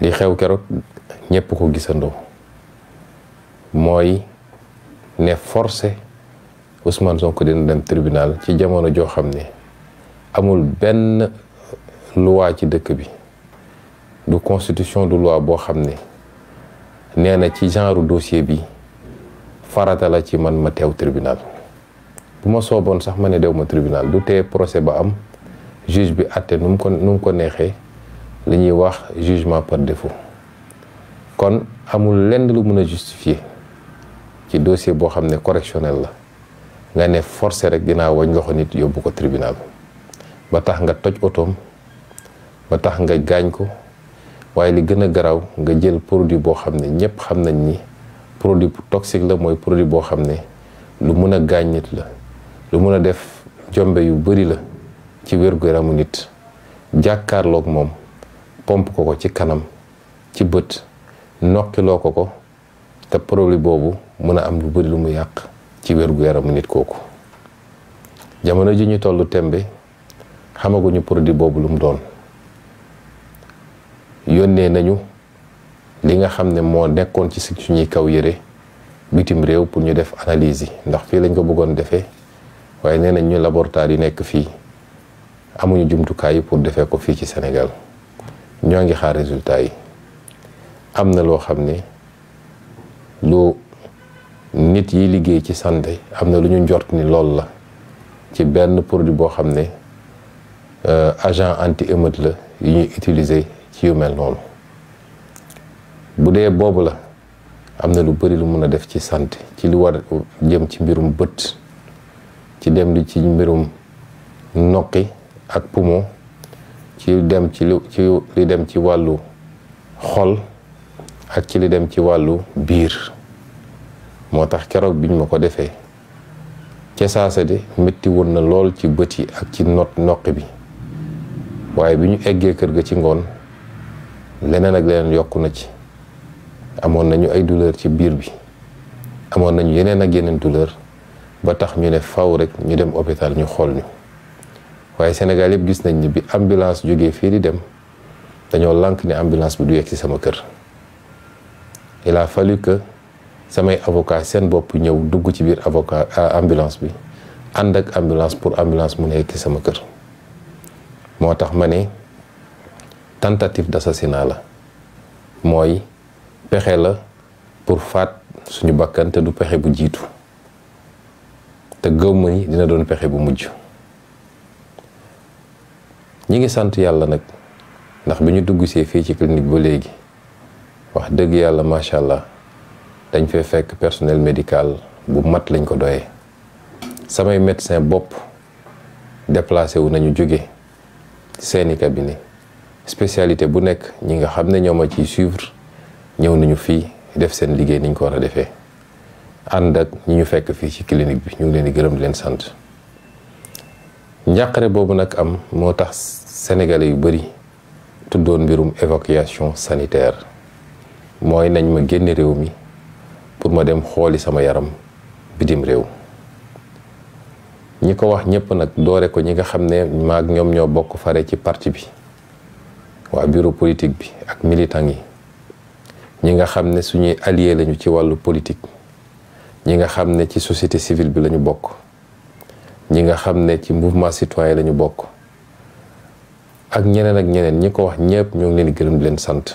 li xew keroog ñépp ko gisandoo mooy ne forcé Ousmane Sonko dina dem tribunal ci jamono joo xam ne amul benn loi ci dëkk bi du constitution du loi boo xam ne nee na ci genre dossier bi farata la ci man ma teew tribunal bu ma sooboon sax ma ne dew ma tribunal du tee procès ba am juge bi àtte nu mu ko nu mu ko neexee li ñuy wax jugement par défaut kon amul lenn lu mën a justifier ci dossier boo xam ne correctionnel la nga ne forcé rek dinaa wañ loxo nit yóbbu ko tribunal ba tax nga toj otoom ba tax nga gaañ ko waaye li gën a garaaw nga jël produit boo xam ne ñëpp xam nañ ni produit toxique la mooy produit boo xam ne lu mën a gaañ nit la lu mën a def jombe yu bëri la ci wér-gu-yaramu nit jàkkaarlook moom pomp ko ko ci kanam ci bët nokkiloo ko ko te problème boobu mën a am lu bëri lu mu yàq ci wér-gu-yaramu nit kooku jamono ji ñu tollu tembe xamaguñu produit boobu lu mu doon yónnee nañu li nga xam ne moo nekkoon ci suñuy kaw yére bitim réew pour ñu def analyse yi ndax fii lañ ko bëggoon defee waaye nee nañ ñu laboratoire yi nekk fii amuñu jumtukaay yi pour defee ko fii ci senegal ñoo ngi xaar résultat yi am na loo xam ne lu nit yi liggéey ci santé am na lu ñu njort ni lool la ci benn produit boo xam ne euh, agent anti-émeute la yu ñuy utiliser ci yu mel noonu bu dee boobu la am na lu bëri lu mun a def ci santé ci lu war jëm ci mbirum bët ci dem li ci mbirum noqi ak poumon ci dem ci lu li dem ci wàllu xol ak ci li dem ci wàllu biir moo tax keroog ñu ma ko defee ca saasa de métti woon na lool ci bët yi ak ci not bi waaye bi ñu eggee kër gi ci ngoon leneen ak leneen yokk na ci amoon nañu ay douleur ci biir bi amoon nañu yeneen ak yeneen douleur ba tax ñu ne faw rek ñu dem hôpital ñu xool ñu waaye Sénégal yëpp gis nañ ni bi ambulance jógee fii di dem dañoo lànk ni ambulance bi du yegg ci sama kër il a samay avocat seen bopp ñëw dugg ci biir avocat euh, ambulance bi ànd ak ambulance pour ambulance mun a yegg ci sama kër moo tax ma ne tentative d'assassinat la mooy pexe la pour faat suñu bakkan te du pexe bu jiitu te gëmm ni dina doon pexe bu mujj ñi ngi sant yàlla nag ndax bi ñu dugg see fii ci clinique ba léegi wax dëgg yàlla macha allah dañ fee fekk personnel médical bu mat lañ ko doyee samay médecin bopp déplacé wu nañu jóge seeni cabinet spécialité bu nekk ñi nga xam ne ñoo ma ciy suivre ñëw nañu fii def seen liggéey niñ ko war a defee ànd ak ñi ñu fekk fii ci clinique bi ñu ngi leen di gërëm di leen sant njàqare boobu nag am moo tax sénégalais yu bëri tuddoon mbirum évacuation sanitaire mooy nañ ma génn réew mi pour ma dem xooli sama yaram bitim réew ñi ko wax ñëpp nag doore ko ñi nga xam ne maak ñoom ñoo bokk fare ci parti bi waa bureau politique bi ak militant yi ñi nga xam ne suñuy allié lañu ci wàllu politique ñi nga xam ne ci société civile bi lañu bokk ñi nga xam ne ci mouvement citoyen la ñu bokk ak ñeneen ak ñeneen ñi ko wax ñëpp ñoo ngi leen gërëm leen sant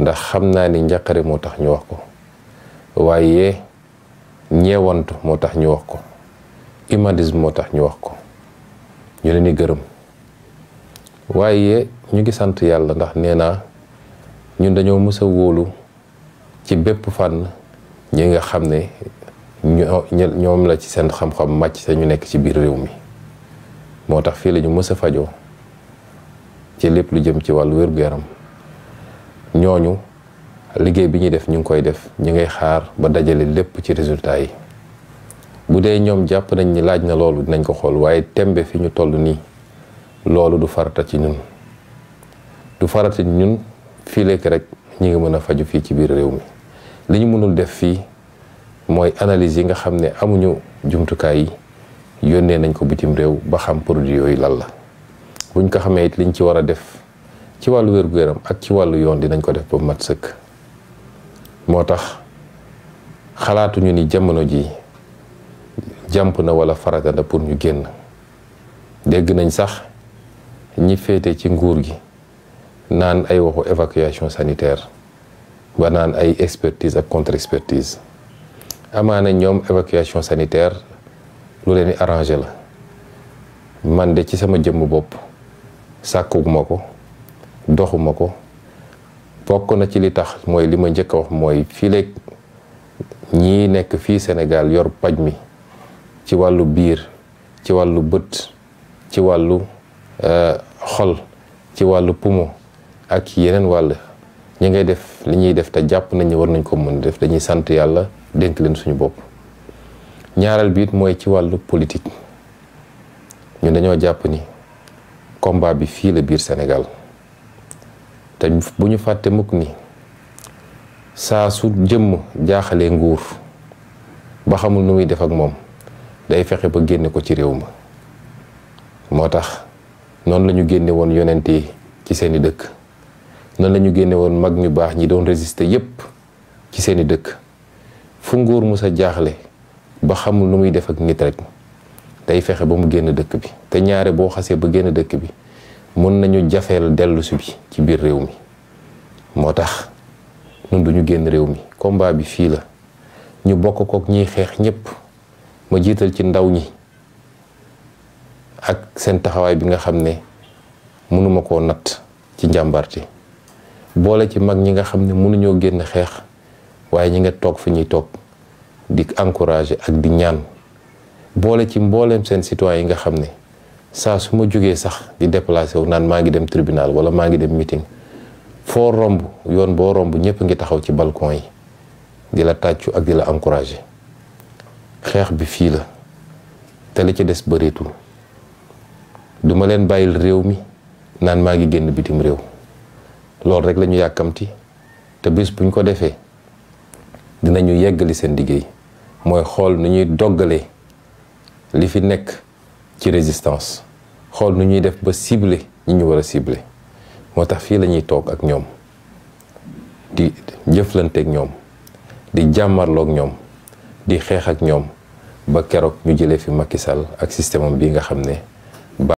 ndax xam naa ni njaqare moo tax ñu wax ko waaye ñeewantu moo tax ñu wax ko humanisme moo tax ñu wax ko ñu leen di gërëm waaye ñu ngi sant yàlla ndax nee naa ñun dañoo mësa wóolu ci bépp fànn ñi nga xam ne ñoo ñoom la ci seen xam-xam màcc te ñu nekk ci biir réew mi moo tax fii la ñu mës a fajoo ci lépp lu jëm ci wàllu wér-gu-yaram ñooñu liggéey bi ñuy def ñu ngi koy def ñu ngay xaar ba dajale lépp ci résultat yi bu dee ñoom jàpp nañ ni laaj na loolu dinañ ko xool waaye tembe fi ñu toll nii loolu du farata ci ñun du farata ci ñun fii lekk rek ñu ngi mën a faju fii ci biir réew mi li ñu mënul def fii mooy analyse yi nga xam ne amuñu jumtukaay yi yónnee nañ ko bitim réew ba xam produit yooyu lan la buñ ko xamee it liñ ci war a def ci wàllu wér-gu-yaram ak ci wàllu yoon dinañ ko def ba mat sëkk moo tax xalaatuñu ni jamono ji jàmp na wala farata pour ñu génn dégg nañ sax ñi féete ci nguur gi naan ay waxu évacuation sanitaire ba naan ay expertise ak contre expertise amaana ñoom évacuation sanitaire lu leen di arrangé la man de ci sama jëmm bopp sàkkuma ko doxuma ko bokk na ci li tax mooy li ma njëkk a wax mooy fii léeg ñii nekk fii Sénégal yor paj mi ci wàllu biir ci wàllu bët ci wàllu euh, xol ci wàllu poumon ak yeneen wàll ñi ngay def li ñuy def te jàpp nañu war nañ ko mën def dañuy sant yàlla dénk leen suñu bopp ñaareel bi mooy ci wàllu politique ñu dañoo jàpp ni combat bi fii la biir senegal te bu ñu fàtte mukk ni saa su jëmm jaaxalee nguur ba xamul nu muy def ak moom day fexe ba génne ko ci réew ma moo tax noonu la ñu génne woon yonent yi ci seeni dëkk noonu lañu génne woon mag ñu baax ñi doon résister yépp ci seeni dëkk fu nguur mu sa jaaxle ba xamul nu muy def ak nit rek day fexe ba mu génn dëkk bi te ñaare boo xasee ba génn dëkk bi mën nañu jafeel dellusi bi ci biir réew mi moo tax nun duñu génn réew mi combat bi fii la ñu bokk kook ñiy xeex ñépp ma jiital ci ndaw ñi ak seen taxawaay bi nga xam ne mënuma koo natt ci njàmbarte boole ci mag ñi nga xam ne mënuñoo génn xeex waaye ñi nga toog fi ñuy toog di encourager ak di ñaan boole ci mboolem seen citoyen yi nga xam ne saa su ma jógee sax di déplacé wu naan maa ngi dem tribunal wala maa ngi dem meeting foo romb yoon boo romb ñëpp ngi taxaw ci balcon yi di la tàccu ak di la encourager xeex bi fii la te la ci des bëreetul duma leen bàyyil réew mi naan maa ngi génn bitim réew loolu rek lañu yàkkamti te bis buñ ko defee dinañu yeggali seen liggéey mooy xool nu ñuy doggalee li fi nekk ci résistance xool nu ñuy def ba cibler ñi ñu war a cibler moo tax fii la ñuy toog ak ñoom di jëflante ak ñoom di jàmmarloog ñoom di xeex ak ñoom ba keroog ñu jëlee fi Macky Sall ak système am bii nga xam ne